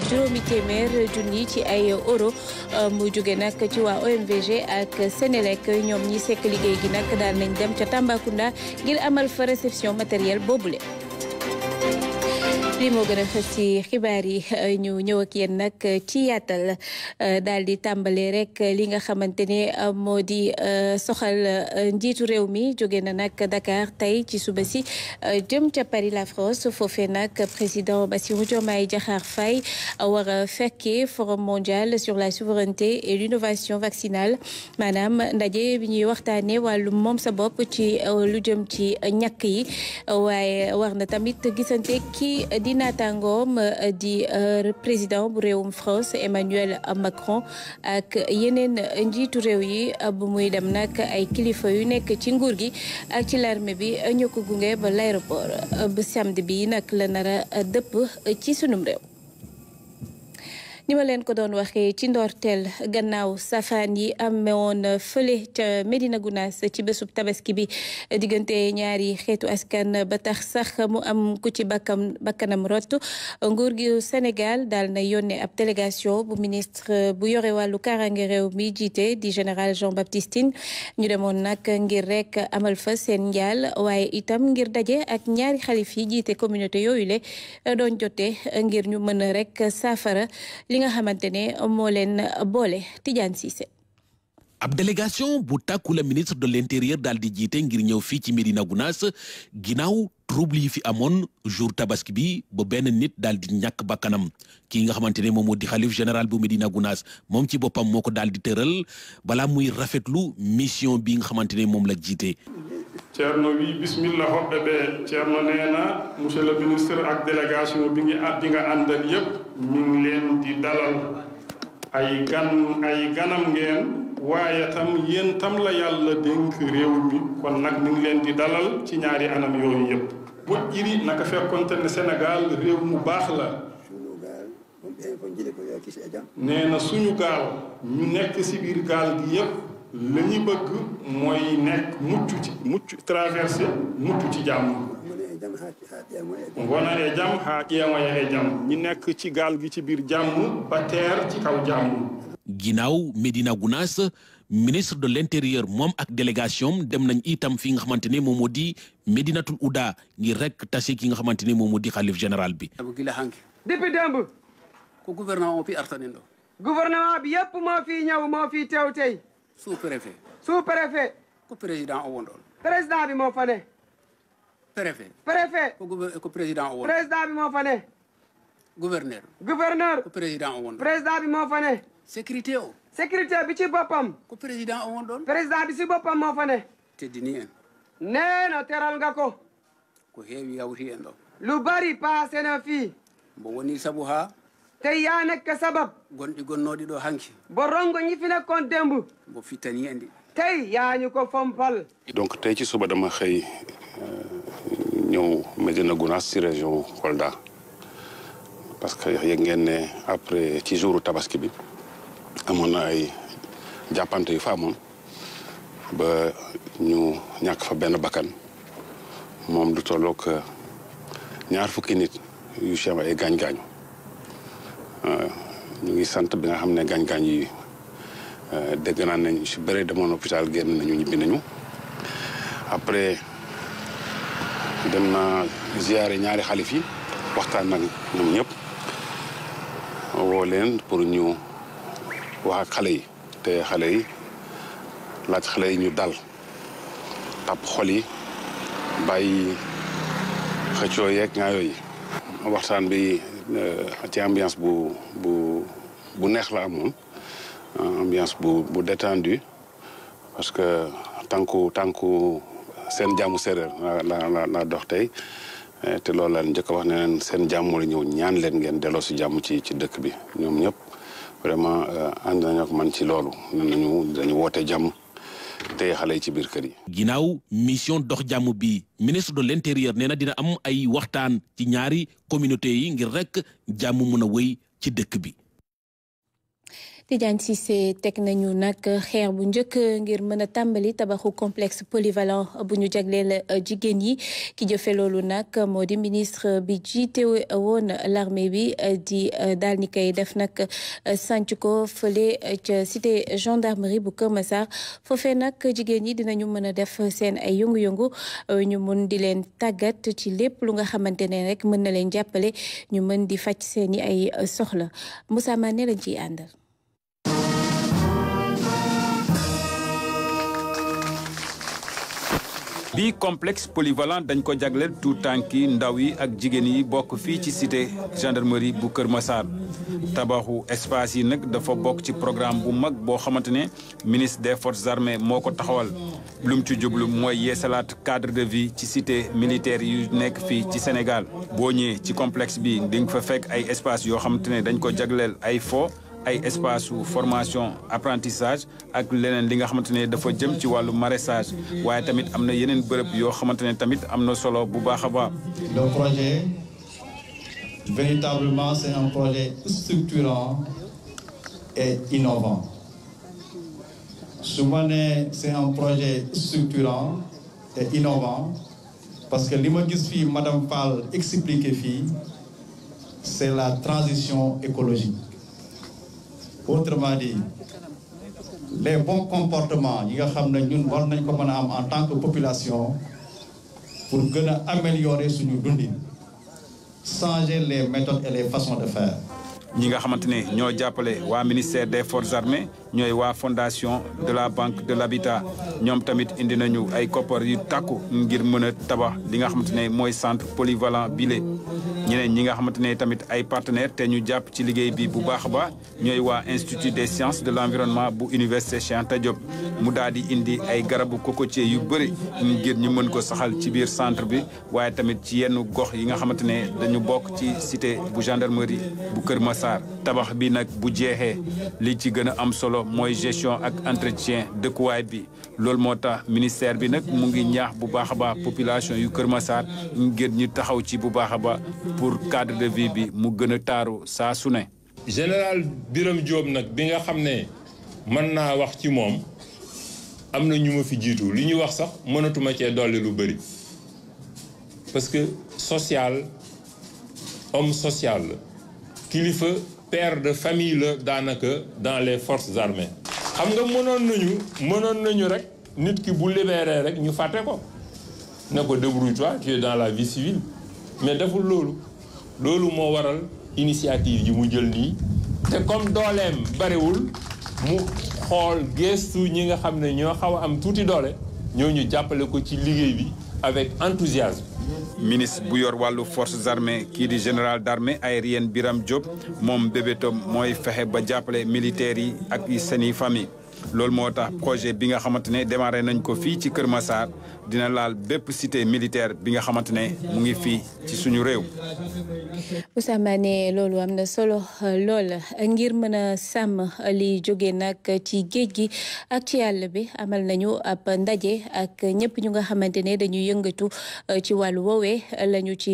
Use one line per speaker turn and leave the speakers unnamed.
juróomi téeméer junni ci ay euro euh, mu jóge nag ci waa OMVG ak Sénélec ñoom ñi sekk liggéey gi nag daal nañ dem ca Tambacounda ngir amal fa réception matériel boobule. li moo gën a xës ci xibaar yi euh, ñu ñëw ak yéen nag ci yaatal euh, daal di tàmbale rek li nga xamante ne euh, moo di soxal njiitu réew mi jóge na nag Dakar tey ci suba si jëm ca Paris la France ba nag président Bassirou Diomaye Diakhar Faye war a fekkee forum mondial sur la souveraineté et l'innovation vaccinale maanaam ndaje bi ñuy waxtaane wàllu moom sa bopp ci lu jëm ci ñakk yi waaye war na tamit gisante ki di naataangoom eh, di eh, président bu réewum France Emmanuel Macron ak yeneen njiitu réew yi eh, bu muy dem nag ay kilifa yu nekk ci nguur gi ak ci l'armée bi ñoo ko gunge ba l'aéroport bu samedi bi nag la nara dëpp ci sunum réew ni ma leen ko doon waxee ci ndorteel gannaaw safaan yi amewoon fële ca Medina Gunaas ci bésub tabaski bi diggante ñaari xeetu askan ba tax sax mu am ku ci bakkam bakkanam rot nguur gi Sénégal daal na yónnee ab délégation bu ministre bu yore wàllu kaaraange réew mi jiite di général Jean-Baptiste Tine ñu demoon nag ngir rek amal fa seen njaal waaye itam ngir daje ak ñaari xalif yi jiite communauté yooyu le doon jotee ngir ñu mën a rek saafara li nga xamante ne moo leen boole Tidiane Cissé.
ab délégation bu tàkku ministre de l'intérieur daal di jiite ngir ñëw fii ci Médina Gounass ginnaaw trouble yi fi amoon jour tabaski bi ba benn nit daal di ñàkk bakkanam ki nga xamante ne moom moo di xalif général bu Médina Gounass moom ci boppam moo ko daal di tëral balaa muy rafetlu mission bi nga xamante ne moom la jiite. Thierno wi bismillah hoɓɓe ɓe Thierno nee na monsieur ministre ak délégation bi nga bi nga ñu ngi leen di dalal ay gan ay ganam ngeen waaye tam yéen tam la yàlla dénk réew mi kon nag ñu ngi leen di dalal ci ñaari anam yooyu yëpp bu jiri naka fekkonte ne Sénégal réew mu baax la nee na suñu gaal ñu nekk si biir gaal gi yëpp la ñu bëgg mooy nekk mucc ci mucc ngona e jàmm haa ƴeemoya e jàmm ñi nekk ci gaal gi ci biir jàmm ba teer ci kaw jàmm ginnaaw Médina Gounass ministre de l'intérieur moom ak délégation dem nañ itam fi nga xamante ne moom moo di Médinatul Ouda ngir rek tase ki nga xamante ne moom moo di xalif général bi depuis démb ko gouvernement bi yëpp moo fi ñëw moo fi teew sous préfet sous préfet ko président o wonɗon président bi moo fane préfet préfet ko président o won bi moo fane président won président bi moo fane sécurité o sécurité bi ci boppam ko président o won ɗon président bi ci boppam moo fane teddini en neeno teral nga ko ko heewi yawti en ɗo lu bari paasena fii mbo woni sabu haa tey yaa nekk sabab gonɗi gonnooɗi ɗo hanki borongo ñi fi nekkoon démb mo fittani en tey yaa ñu ko fompal donc tey ci suba dama xëy euh, ñëw Médina Gounass ci région Kolda parce que ngeen ne après ci jouru tabaski bi amoon na ay jàppante yu fa ba ñu ñàkk fa benn bakkan moom du tolloog euh, ñaar fukki nit yu ci am ay gaañ-gaañu ñu ngi sant bi nga xam ne gaañ-gaañ yi euh, dégg naan nañ si bëre demoon hôpital génn nañu ñibbi nañu après dem na ziyaare ñaari xalif yi waxtaan nag ñoom ñëpp woo leen pour ñu wax xale yi te xale yi laaj xale yi ñu dal tàpp xol yi bàyyi xëccoo yeeg ñaayoo waxtaan bi euh, ci ambiance bu bu bu neex la amoon euh, ambiance bu bu détendue parce que tànku tànku seen jàmmu séeréer la la la dox tey euh, te loolu la njëkk a wax ne leen seen jàmm ñëw ñaan leen ngeen delloo si jàmm ci ci dëkk bi ñoom ñëpp vraiment ànd nañu ak man ci loolu nee nañu dañu woote jàmm. téye xale yi ci biir kër yi. ginnaaw mission dox jàmm bi ministre de l'intérieur nee na dina am ay waxtaan ci ñaari communauté yi ngir rek jàmm mun a wéy ci dëkk bi.
Tidiane Cissé teg nañu nag xeer bu njëkk ngir mën a tàmbali tabaxu complexe polyvalent bu ñu jagleel euh, jigéen yi ki jëfe loolu nag moo di ministre bi jiite woon l'armée bi euh, di euh, daal ni koy def nag sànc ko fële ca cité gendarmerie bu Kër Massar foofee nag jigéen ñi dinañu mën a def seen ay yëngu-yëngu ñu mun di leen tàggat ci lépp lu nga xamante ne rek mën na leen jàppale ñu mën di faj seeni ay soxla Moussa Mané lañ ci àndal
bii complexe polyvalent dañ ko jagleel tout tànk yi ndaw yi ak jigéen yi bokk fii ci cité gendarmerie bu Kër Massar tabaxu espace yi nag dafa bokk ci programme bu mag boo xamante ne ministre des forces armées moo ko taxawal lum ci jublu mooy yeesalaat cadre de vie ci cité militaire yu nekk fii ci Sénégal boo ñëwee ci complexe bi di nga fa fekk ay espace yoo xamante ne dañ ko jagleel ay fo ay espace formation apprentissage ak leneen li nga xamante ne dafa jëm ci wàllu maraîchage waaye tamit am na yeneen bërëb yoo xamante ne tamit am na solo bu baax a baax. le projet véritablement c'est un projet structurant et innovant su ma nee c'est un projet structurant et innovant parce que li ma gis fii madame Fall expliqué fii c'est la transition écologique. autrement dit les bons comportements yi nga xam ne ñun war nañ ko mën a am en tant que population pour gën a améliorer suñu dundin changer les méthodes et les façons de faire. ñi nga xamante ne ñoo jàppale waa ministère des forces armées ñooy waa fondation de la banque de l'habitat ñoom tamit indi nañu ay koppar yu tàkku ngir mën a tabax li nga xamante ne mooy centre polyvalent bile. ñeneen ñi nga xamante ne tamit ay partenaires te ñu jàpp ci liggéey bi bu baax ba ñooy waa institut des sciences de l'environnement bu université Cheikh Anta mu daal di indi ay garabu cocotier yu bëri ngir ñu mën ko saxal ci biir centre bi waaye tamit ci yenn gox yi nga xamante ne dañu bokk ci cité bu gendarmerie bu Kër Massar. tabax bi nag bu jeexee li ci gën a am solo mooy gestion ak entretien dëkkuwaay bi loolu moo tax ministère bi nag mu ngi ñaax bu baax a baax population yu Kër Massar ngir ñu taxaw ci bu baax a baax pour cadre de vie bi mu gën taaru saa su ne.
général biram jóob nag bi nga xam ne mën naa wax ci moom am na ñu ma fi jiitu li ñuy wax sax mënatuma cee dolli lu bëri parce que sociale homme sociale la kilifa père de famille la daanaka dans les forces armées. xam nga mënoon nañu mënoon nañu rek nit ki bu libéré rek ñu fàtte ko ne ko débrouille-toi tu dans la vie civile mais deful loolu. loolu moo waral initiative yi mu jël nii te comme dooleem bariwul mu xool gestu ñi nga xam ne
ñoo xaw a am tuuti doole ñu jàppale ko ci liggéey bi avec enthousiasme. ministre bu yor wàllu forces armées kii di général d'armée aérienne biram Diop moom bébétam mooy fexe ba jàppale militaires yi ak seen i famille. loolu moo tax projet bi nga xamante ne démarré nañ ko fii ci Kër Massar dina laal bépp cité militaire bi nga xamante ne mu ngi fii ci suñu réew.
Ousama ne loolu am na solo euh, lool ngir mën a sàmm li jóge nag ci géej gi ak ci àll bi amal nañu ab ndaje ak ñëpp ñu nga xamante ne dañuy yëngatu euh, ci wàllu woowee lañu ci.